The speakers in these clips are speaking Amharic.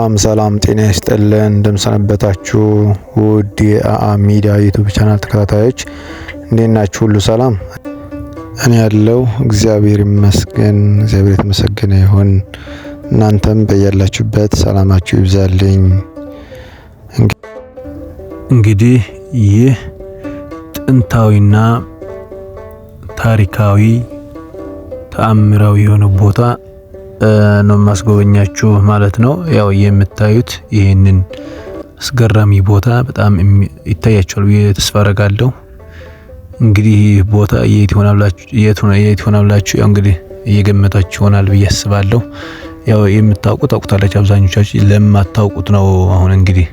ሰላም ሰላም፣ ጤና ይስጥልን እንደምሰነበታችሁ ውድ የአአ ሚዲያ ዩቱብ ቻናል ተከታታዮች እንዴት ናችሁ? ሁሉ ሰላም? እኔ ያለው እግዚአብሔር ይመስገን። እግዚአብሔር የተመሰገነ ይሁን። እናንተም በያላችሁበት ሰላማችሁ ይብዛልኝ። እንግዲህ ይህ ጥንታዊና ታሪካዊ ተአምራዊ የሆነ ቦታ ነው የማስጎበኛችሁ ማለት ነው። ያው የምታዩት ይህንን አስገራሚ ቦታ በጣም ይታያችኋል ብዬ ተስፋ አረጋለሁ። እንግዲህ ይህ ቦታ የት ይሆናል ያው እንግዲህ እየገመታችሁ ይሆናል ብዬ አስባለሁ። ያው የምታውቁ ታውቁታላችሁ፣ አብዛኞቻችሁ ለማታውቁት ነው አሁን እንግዲህ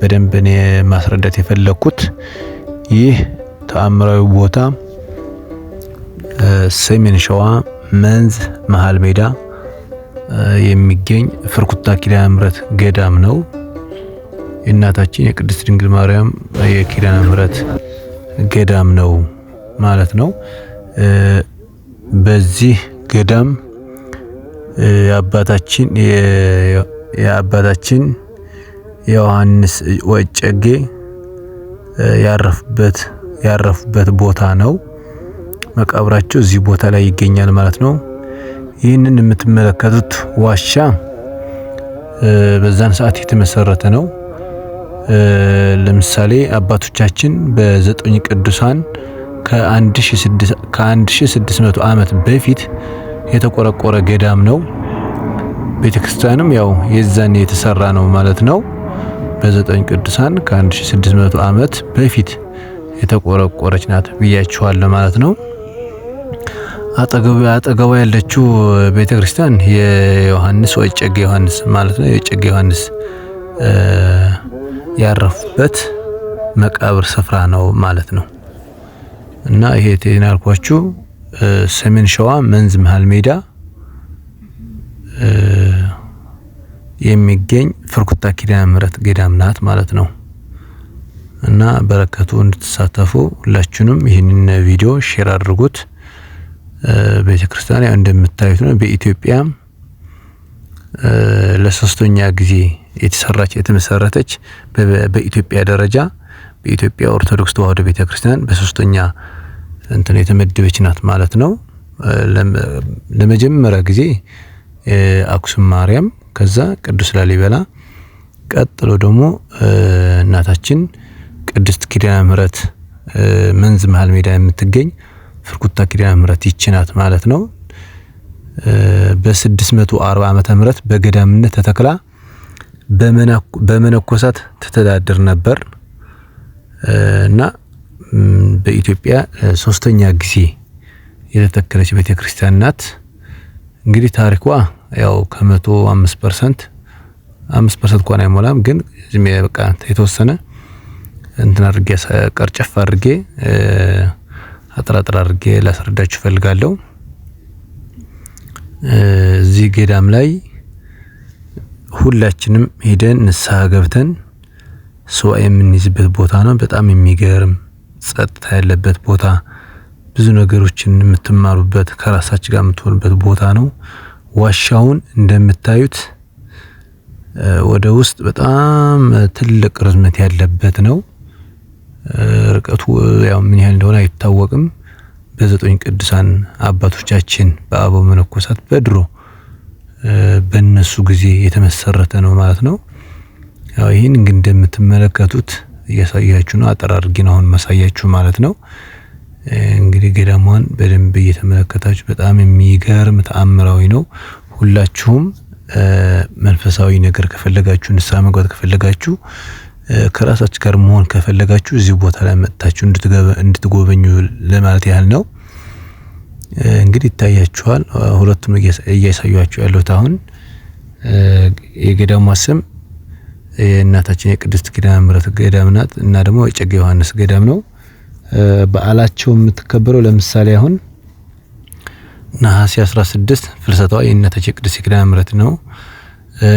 በደንብ እኔ ማስረዳት የፈለኩት ይህ ተአምራዊ ቦታ ሰሜን ሸዋ መንዝ መሀል ሜዳ የሚገኝ ፍርኩታ ኪዳነ ምሕረት ገዳም ነው። የእናታችን የቅድስት ድንግል ማርያም የኪዳነ ምሕረት ገዳም ነው ማለት ነው። በዚህ ገዳም የአባታችን የአባታችን ዮሐንስ ወጨጌ ያረፉበት ያረፉበት ቦታ ነው። መቃብራቸው እዚህ ቦታ ላይ ይገኛል ማለት ነው። ይህንን የምትመለከቱት ዋሻ በዛን ሰዓት የተመሰረተ ነው። ለምሳሌ አባቶቻችን በዘጠኝ ቅዱሳን ከ1600 ዓመት በፊት የተቆረቆረ ገዳም ነው። ክርስቲያንም ያው የዛን የተሰራ ነው ማለት ነው። በዘጠኝ ቅዱሳን ከ1600 ዓመት በፊት የተቆረቆረች ናት ብያችኋለሁ ማለት ነው። አጠገቧ ያለችው ቤተ ክርስቲያን የዮሐንስ ወይ እጨጌ ዮሐንስ ማለት ነው። የእጨጌ ዮሐንስ ያረፉበት መቃብር ስፍራ ነው ማለት ነው። እና ይሄ ያልኳችሁ ሰሜን ሸዋ መንዝ መሃል ሜዳ የሚገኝ ፍርኩታ ኪዳነ ምሕረት ገዳም ናት ማለት ነው። እና በረከቱ እንድትሳተፉ ሁላችንም ይህንን ቪዲዮ ሼር አድርጉት። ቤተ ክርስቲያን ያው እንደምታዩት ነው። በኢትዮጵያ ለሶስተኛ ጊዜ የተሰራች የተመሰረተች በኢትዮጵያ ደረጃ በኢትዮጵያ ኦርቶዶክስ ተዋህዶ ቤተ ክርስቲያን በሶስተኛ እንትን የተመደበች ናት ማለት ነው። ለመጀመሪያ ጊዜ አክሱም ማርያም፣ ከዛ ቅዱስ ላሊበላ፣ ቀጥሎ ደግሞ እናታችን ቅድስት ኪዳነ ምሕረት መንዝ መሀል ሜዳ የምትገኝ ፍርኩታ ኪዳነ ምሕረት ይችናት ማለት ነው። በ640 ዓመተ ምህረት በገዳምነት ተተክላ በመነኮሳት ትተዳድር ነበር እና በኢትዮጵያ ሶስተኛ ጊዜ የተተከለች ቤተክርስቲያን ናት። እንግዲህ ታሪኳ ያው ከመቶ አምስት ፐርሰንት አምስት ፐርሰንት እንኳን አይሞላም፣ ግን ዝም በቃ የተወሰነ እንትን አድርጌ ቀርጨፍ አድርጌ አጥራጥር አድርጌ ላስረዳችሁ እፈልጋለሁ። እዚህ ገዳም ላይ ሁላችንም ሄደን ንስሐ ገብተን ሰዋ የምንይዝበት ቦታ ነው። በጣም የሚገርም ጸጥታ ያለበት ቦታ፣ ብዙ ነገሮችን የምትማሩበት ከራሳች ጋር የምትሆንበት ቦታ ነው። ዋሻውን እንደምታዩት ወደ ውስጥ በጣም ትልቅ ርዝመት ያለበት ነው። ርቀቱ ያው ምን ያህል እንደሆነ አይታወቅም። በዘጠኝ ቅዱሳን አባቶቻችን በአበው መነኮሳት በድሮ በነሱ ጊዜ የተመሰረተ ነው ማለት ነው። ያው ይህን እንግዲህ እንደምትመለከቱት እያሳያችሁ ነው። አጠር አሁን ማሳያችሁ ማለት ነው። እንግዲህ ገዳሟን በደንብ እየተመለከታችሁ በጣም የሚገርም ተአምራዊ ነው። ሁላችሁም መንፈሳዊ ነገር ከፈለጋችሁ፣ ንስሐ መግባት ከፈለጋችሁ ከራሳችሁ ጋር መሆን ከፈለጋችሁ እዚህ ቦታ ላይ መጥታችሁ እንድትጎበኙ ለማለት ያህል ነው። እንግዲህ ይታያችኋል። ሁለቱም እያሳዩችሁ ያሉት አሁን የገዳሟ ስም የእናታችን የቅድስት ኪዳነ ምሕረት ገዳም ናት እና ደግሞ የጨጌ ዮሐንስ ገዳም ነው። በዓላቸው የምትከበረው ለምሳሌ አሁን ነሐሴ 16 ፍልሰቷ የእናታችን የቅድስት ኪዳነ ምሕረት ነው።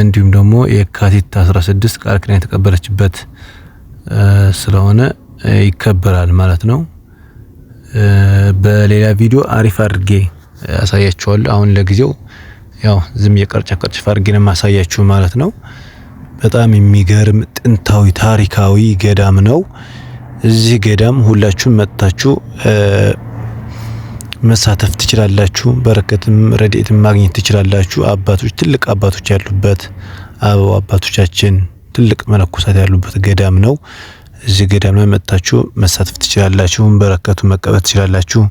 እንዲሁም ደግሞ የካቲት 16 ቃል ኪዳን የተቀበለችበት ስለሆነ ይከበራል ማለት ነው። በሌላ ቪዲዮ አሪፍ አድርጌ ያሳያችኋለሁ። አሁን ለጊዜው ያው ዝም የቀርጫ ቀርጭፍ አድርጌ ነው የማሳያችሁ ማለት ነው። በጣም የሚገርም ጥንታዊ ታሪካዊ ገዳም ነው። እዚህ ገዳም ሁላችሁም መጥታችሁ መሳተፍ ትችላላችሁ። በረከትም ረድኤትም ማግኘት ትችላላችሁ። አባቶች ትልቅ አባቶች ያሉበት አበው አባቶቻችን ትልቅ መነኮሳት ያሉበት ገዳም ነው። እዚህ ገዳም ላይ መጥታችሁ መሳተፍ ትችላላችሁ። በረከቱ መቀበል ትችላላችሁ።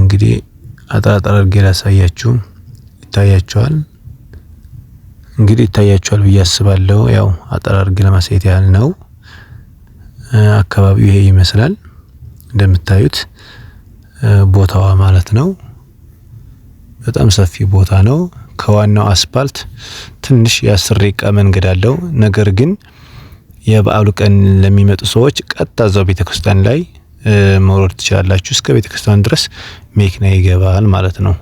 እንግዲህ አጠራጠር አድርጌ ላሳያችሁ። ይታያችኋል እንግዲህ ይታያችኋል ብዬ አስባለሁ። ያው አጠራር ለማሳየት ያህል ነው። አካባቢው ይሄ ይመስላል እንደምታዩት ቦታዋ ማለት ነው። በጣም ሰፊ ቦታ ነው። ከዋናው አስፓልት ትንሽ የአስር ደቂቃ መንገድ አለው። ነገር ግን የበዓሉ ቀን ለሚመጡ ሰዎች ቀጥታ እዛው ቤተክርስቲያን ላይ መውረድ ትችላላችሁ። እስከ ቤተክርስቲያን ድረስ መኪና ይገባል ማለት ነው።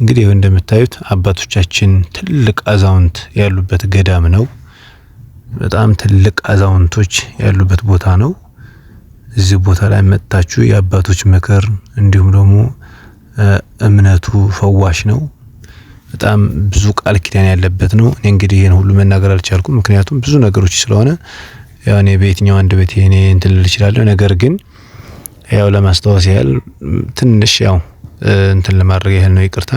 እንግዲህ ይኸው እንደምታዩት አባቶቻችን ትልቅ አዛውንት ያሉበት ገዳም ነው። በጣም ትልቅ አዛውንቶች ያሉበት ቦታ ነው። እዚህ ቦታ ላይ መጥታችሁ የአባቶች ምክር እንዲሁም ደግሞ እምነቱ ፈዋሽ ነው። በጣም ብዙ ቃል ኪዳን ያለበት ነው። እኔ እንግዲህ ይህን ሁሉ መናገር አልቻልኩም፣ ምክንያቱም ብዙ ነገሮች ስለሆነ ያው እኔ በየትኛው አንድ ቤት እኔ እንትን ልል እችላለሁ። ነገር ግን ያው ለማስታወስ ያህል ትንሽ ያው እንትን ለማድረግ ያህል ነው ይቅርታ።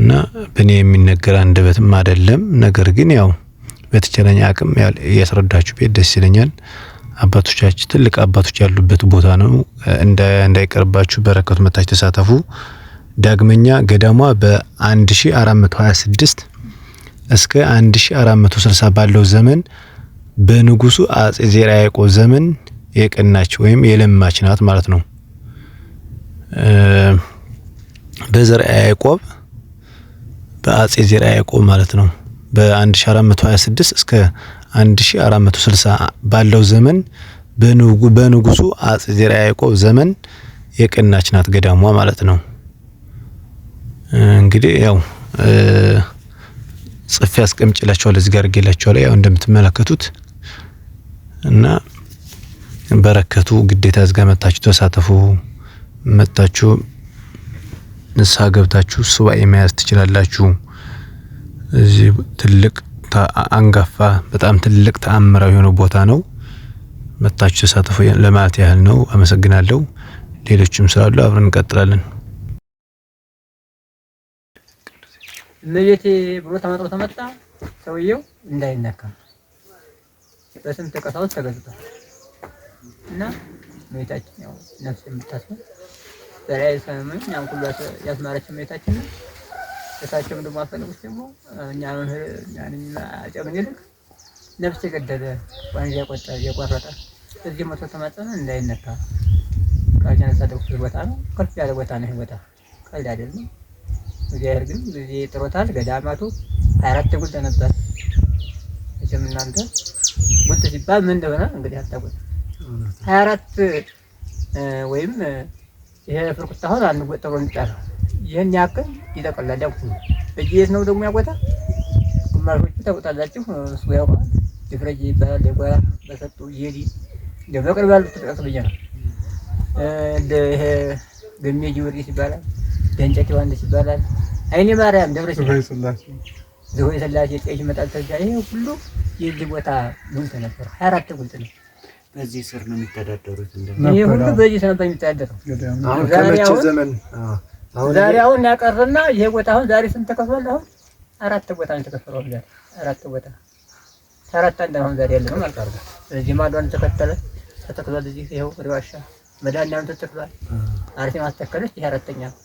እና በእኔ የሚነገር አንድ ቤትም አይደለም። ነገር ግን ያው በተቻለኝ አቅም ያስረዳችሁ ቤት ደስ ይለኛል። አባቶቻችን ትልቅ አባቶች ያሉበት ቦታ ነው። እንደ እንዳይቀርባችሁ በረከቱ መታች ተሳተፉ። ዳግመኛ ገዳሟ በ1426 እስከ 1460 ባለው ዘመን በንጉሱ አጼ ዘርዓ ያዕቆብ ዘመን የቀናች ወይም የለማች ናት ማለት ነው። በዘርዓ ያዕቆብ በአጼ ዘርዓ ያዕቆብ ማለት ነው በ1426 እስከ 1460 ባለው ዘመን በንጉሱ አጼ ዘርዓ ያዕቆብ ዘመን የቀናች ናት ገዳሟ ማለት ነው። እንግዲህ ያው ጽፌ አስቀምጭላችኋል እዚህ ጋር አድርጌላችኋል። ያው እንደምትመለከቱት እና በረከቱ ግዴታ እዚህ ጋር ተሳተፉ፣ መጣችሁ ንስሐ ገብታችሁ ሱባኤ መያዝ ትችላላችሁ። እዚህ ትልቅ አንጋፋ በጣም ትልቅ ተአምራዊ የሆነ ቦታ ነው። መታችሁ ተሳትፎ ለማለት ያህል ነው። አመሰግናለሁ። ሌሎችም ስላሉ አብረን እንቀጥላለን። እመቤቴ ብሎ ተመጥሮ ተመጣ ሰውየው እንዳይነካ በስንት ቀሳውስት ተገዝቷል እና እመቤታችን ያው ነፍስ የምታስበው በላይ ሰምም ያን ሁሉ ያስማረች እመቤታችን እሳቸው ደግሞ አፈንጉስ ደግሞ እኛን እኛን አጨምኝልክ ነፍስ የገደለ ወንዝ የቆረጠ እዚህ መቶ ተማጸነ እንዳይነካ ቃችን ያሳደኩት ቦታ ነው። ከፍ ያለ ቦታ ነው። ይህ ቦታ ቀልድ አይደለም። እግዚአብሔር ግን እዚህ ጥሮታል። ገዳማቱ አራት ጉልተ ነበር። መቼም እናንተ ጉልት ሲባል ምን እንደሆነ እንግዲህ አታውቁት። ሀያ አራት ወይም ይሄ ፍርቁት አሁን አንድ ጎጥ ጥሩ እንጫለው ይህን ያክል ይጠቀላል ያልኩት ነው። ነው ደግሞ ያጎታ ግማሾቹ ተቆጣላችሁ እሱ ያውቃል። ድፍረጅ ይባላል የጓራ በሰጡ ይሄዲ በቅርብ ያሉት ጥቀስ ብዬ ነው። እንደ ይሄ ገሜ ጊዮርጊስ ይባላል። ደንጨት ዮሐንስ ይባላል። አይኔ ማርያም ደብረ ዝሆይ ስላሴ ጤጅ መጣል ተጋ ይሄ ሁሉ የዚህ ቦታ ጉልት ነበር። ሀያ አራት ጉልት ነው። በዚህ ስር ነው የሚተዳደሩት። ይሄ ሁሉ በዚህ ስር ነበር የሚተዳደረው አሁን ዘመን ዛሬ አሁን ያቀረና ይሄ ቦታ አሁን ዛሬ ስንት ተከፍሏል? አሁን አራት ቦታ ነው የተከፈለው። ዛሬ አራት ቦታ አራት አንድ አሁን ዛሬ ያለ ማለት ነው። እዚህ ማዷን ተከተለ ተተክሏል። እዚህ ይኸው ሪዋሻ መድኃኒዓለም ተተክሏል። አሪፍ ማስተከለች ይሄ አራተኛ ነው።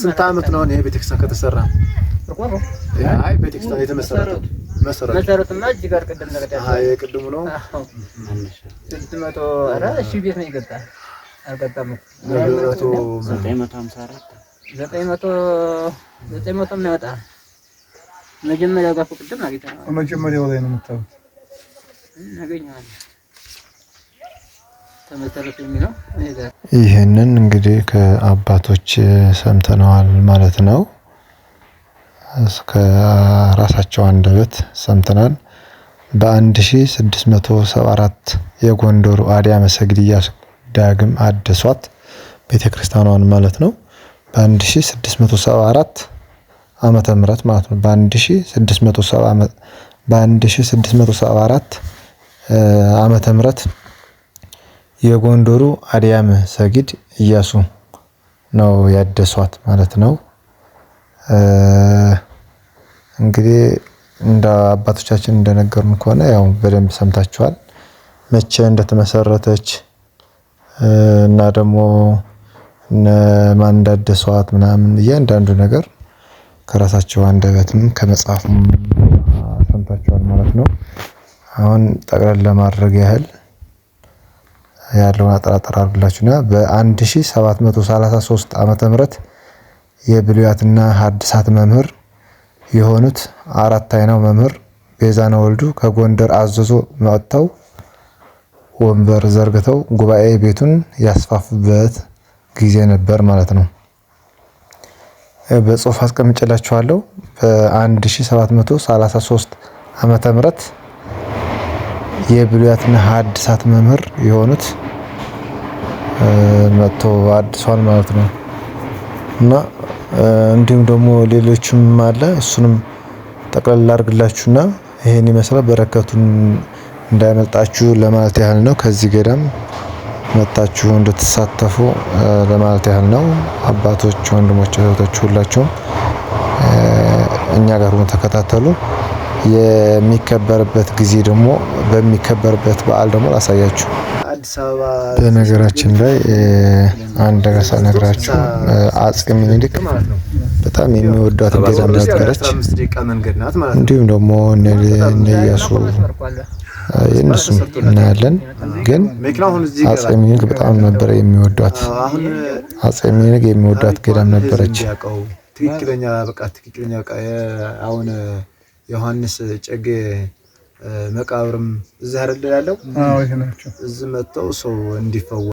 ስንት ዓመት ነው ይሄ ቤተክርስቲያን ከተሰራ? አይ ቤተክርስቲያን የተመሰረተው መሰረቱ ነው። ስንት መቶ ቤት ነው ይገባል አልቀጠሉም። ዘጠኝ መቶ ዘጠኝ መቶ መጀመሪያው ጋር ላይ ነው ይህንን እንግዲህ ከአባቶች ሰምተነዋል ማለት ነው። እስከ ራሳቸው አንደበት ሰምተናል። በአንድ ሺህ የጎንደሩ አዲያ መሰግድ እያስኩ ዳግም አደሷት ቤተ ክርስቲያኗን ማለት ነው በ1674 ዓመተ ምህረት ማለት ነው በ1674 ዓመተ ምህረት የጎንደሩ አድያም ሰጊድ እያሱ ነው ያደሷት ማለት ነው። እንግዲህ እንደ አባቶቻችን እንደነገሩን ከሆነ ያው በደንብ ሰምታችኋል መቼ እንደተመሰረተች እና ደግሞ ማን እንዳደሰዋት ምናምን እያንዳንዱ ነገር ከራሳቸው አንደበትም ከመጽሐፍም ሰምታችኋል ማለት ነው። አሁን ጠቅለል ለማድረግ ያህል ያለውን አጠራጠር አድርግላችሁና በ 1733 ሰባት መቶ ዓመተ ምህረት የብሉያትና ሐዲሳት መምህር የሆኑት አራት አይናው መምህር ቤዛነ ወልዱ ከጎንደር አዘዞ መጥተው ወንበር ዘርግተው ጉባኤ ቤቱን ያስፋፉበት ጊዜ ነበር ማለት ነው። በጽሁፍ አስቀምጬላችኋለሁ። በ1733 ዓመተ ምህረት የብሉያትና ሐዲሳት መምህር የሆኑት መጥቶ አድሷል ማለት ነው እና እንዲሁም ደግሞ ሌሎችም አለ እሱንም ጠቅላላ አድርግላችሁና ይሄን ይመስላል በረከቱን እንዳይመልጣችሁ ለማለት ያህል ነው። ከዚህ ገዳም መጣችሁ እንድትሳተፉ ለማለት ያህል ነው። አባቶች፣ ወንድሞች፣ እህቶች ሁላችሁም እኛ ጋር ሆኖ ተከታተሉ። የሚከበርበት ጊዜ ደግሞ በሚከበርበት በዓል ደግሞ ላሳያችሁ። በነገራችን ላይ አንድ ረሳ ሳነግራችሁ አፄ ምኒልክ በጣም የሚወዷት ገዳም ነበረች። እንዲሁም ደግሞ እነ ኢያሱ የእነሱም እናያለን። ግን አጼ ሚኒልክ በጣም ነበረ የሚወዷት። አጼ ሚኒልክ የሚወዷት ገዳም ነበረች። ትክክለኛ በቃ ትክክለኛ በቃ አሁን ዮሐንስ ጨጌ መቃብርም እዚህ አይደል ያለው? አዎ ይሄ ናቸው። እዚህ መጥተው ሰው እንዲፈወ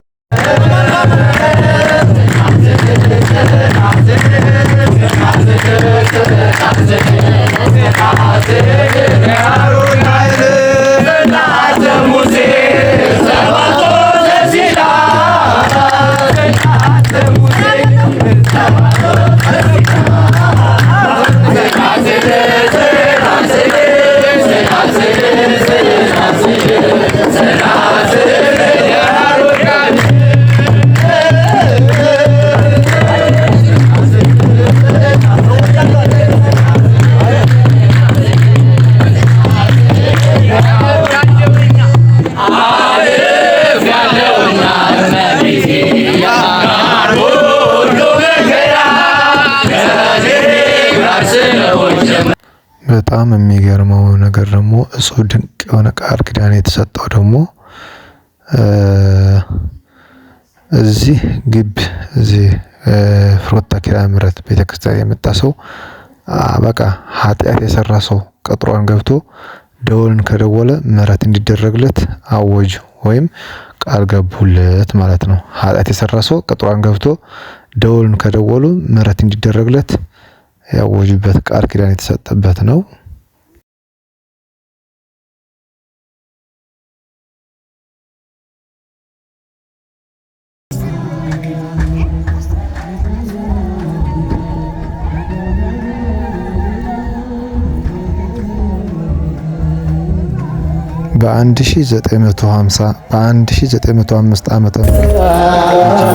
በጣም የሚገርመው ነገር ደግሞ እሱ ድንቅ የሆነ ቃል ኪዳን የተሰጠው ደግሞ እዚህ ግቢ እዚህ ፍሮታ ኪዳነ ምሕረት ቤተክርስቲያን የመጣ ሰው በቃ ኃጢአት የሰራ ሰው ቀጥሯን ገብቶ ደወልን ከደወለ ምሕረት እንዲደረግለት አወጅ ወይም ቃል ገቡለት ማለት ነው። ኃጢአት የሰራ ሰው ቀጥሯን ገብቶ ደወልን ከደወሉ ምሕረት እንዲደረግለት ያወጁበት ቃል ኪዳን የተሰጠበት ነው። በ1950 በ1905 ዓመተ ምህረት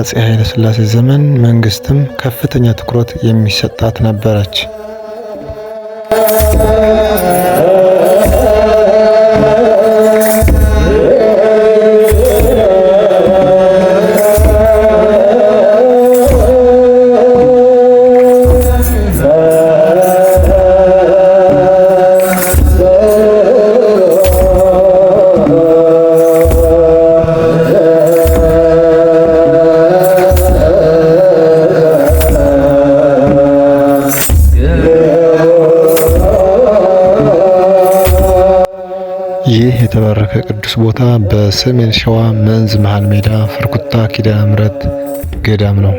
በአጼ ኃይለሥላሴ ዘመን መንግስትም ከፍተኛ ትኩረት የሚሰጣት ነበረች። ቅዱስ ቦታ በሰሜን ሸዋ መንዝ መሃል ሜዳ ፍርኩታ ኪዳነ ምሕረት ገዳም ነው።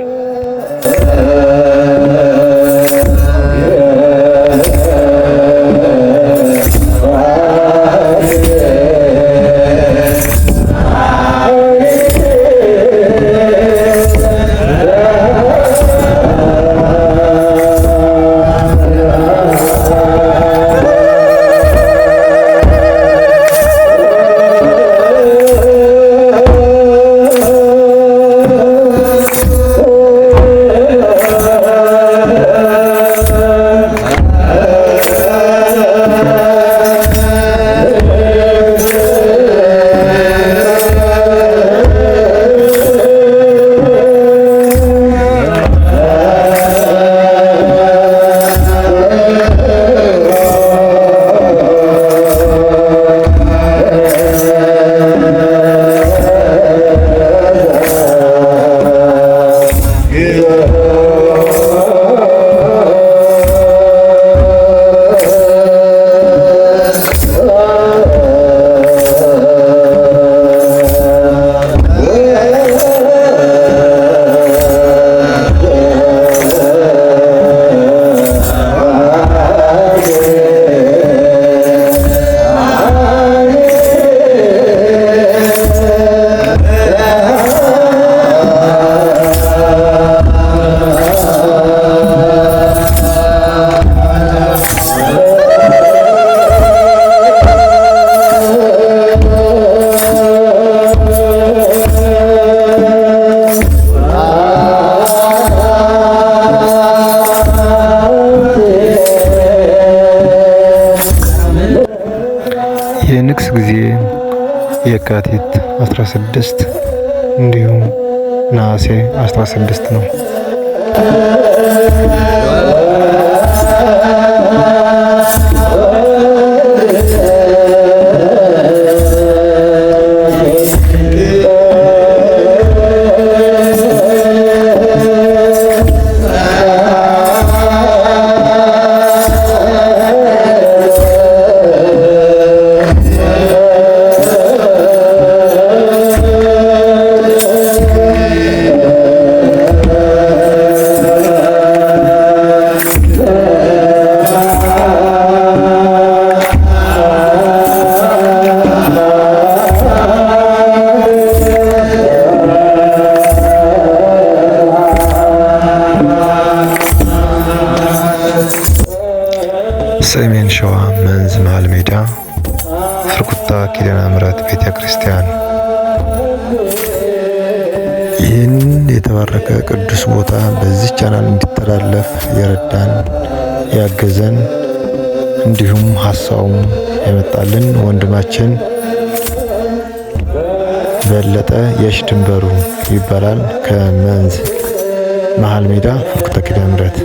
የካቲት 16 እንዲሁም ነሐሴ 16 ነው። እንዲሁም ሀሳቡም የመጣልን ወንድማችን በለጠ የሽ ድንበሩ ይባላል። ከመንዝ መሀል ሜዳ ፉርክተ ምረት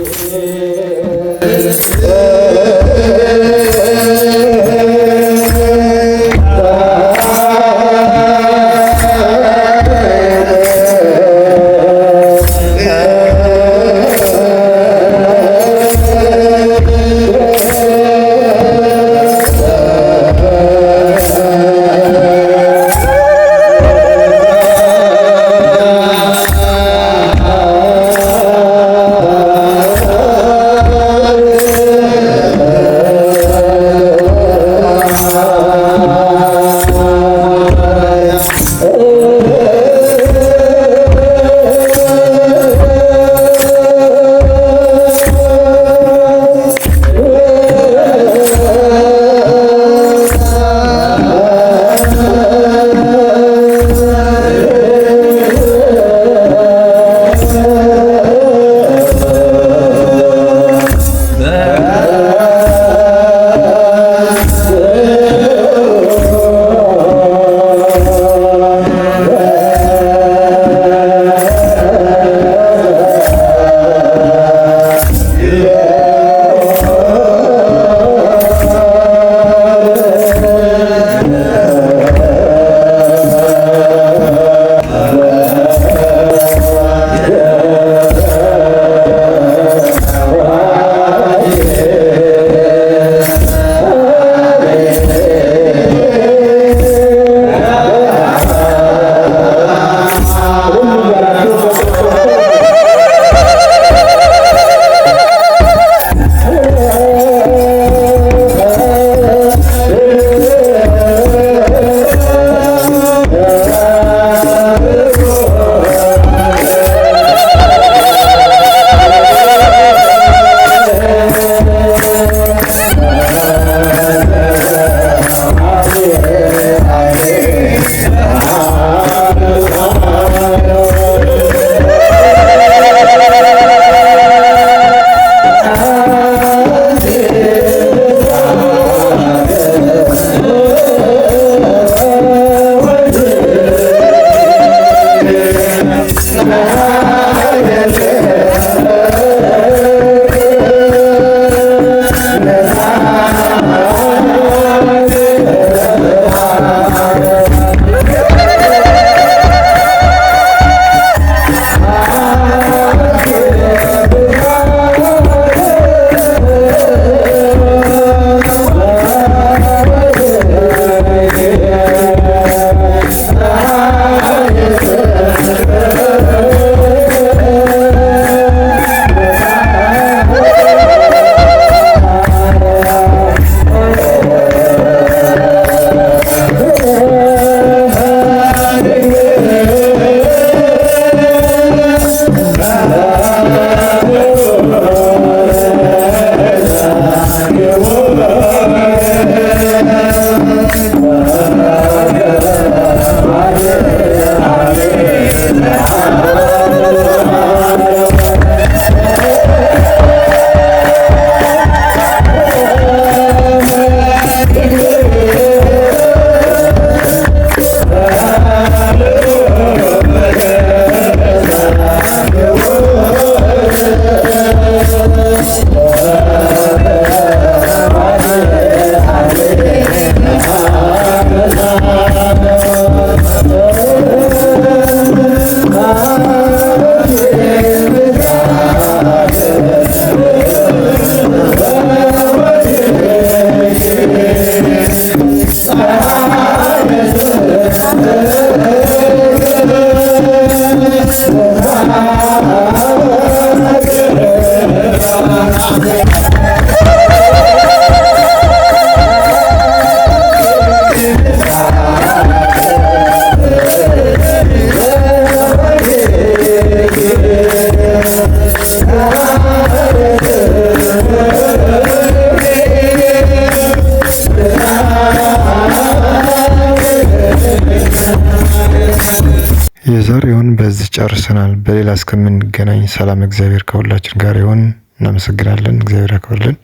ጨርሰናል። በሌላ እስከምንገናኝ ሰላም፣ እግዚአብሔር ከሁላችን ጋር ይሆን። እናመሰግናለን። እግዚአብሔር ያክብርልን።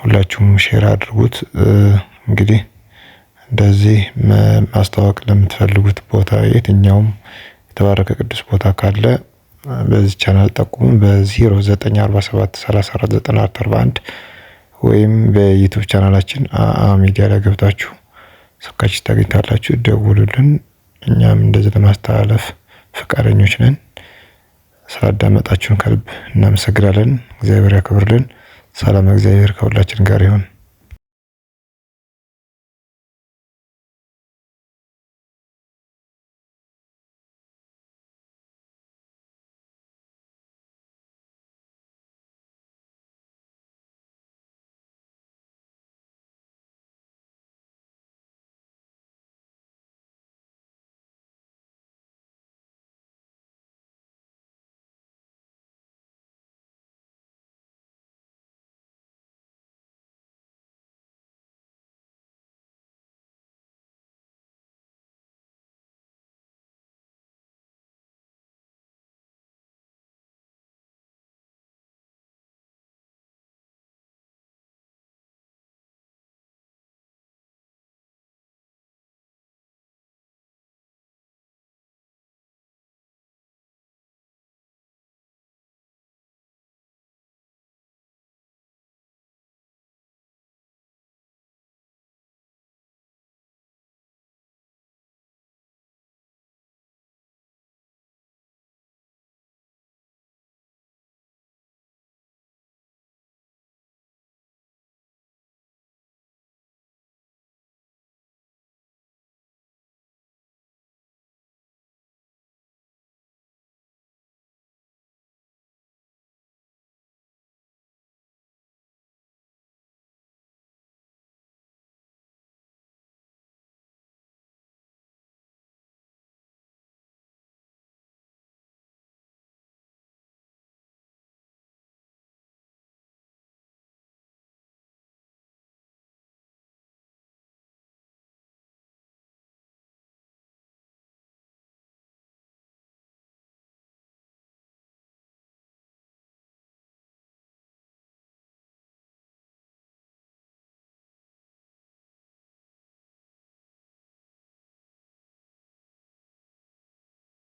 ሁላችሁም ሼር አድርጉት። እንግዲህ እንደዚህ ማስተዋወቅ ለምትፈልጉት ቦታ የትኛውም የተባረከ ቅዱስ ቦታ ካለ በዚህ ቻናል ጠቁሙ። በ0947349441 ወይም በዩቱብ ቻናላችን አአ ሚዲያ ላይ ገብታችሁ ስልካችን ታገኝታላችሁ። ደውሉልን። እኛም እንደዚህ ለማስተላለፍ ፈቃደኞች ነን። ስላዳመጣችሁን ከልብ እናመሰግናለን። እግዚአብሔር ያክብርልን። ሰላም እግዚአብሔር ከሁላችን ጋር ይሁን።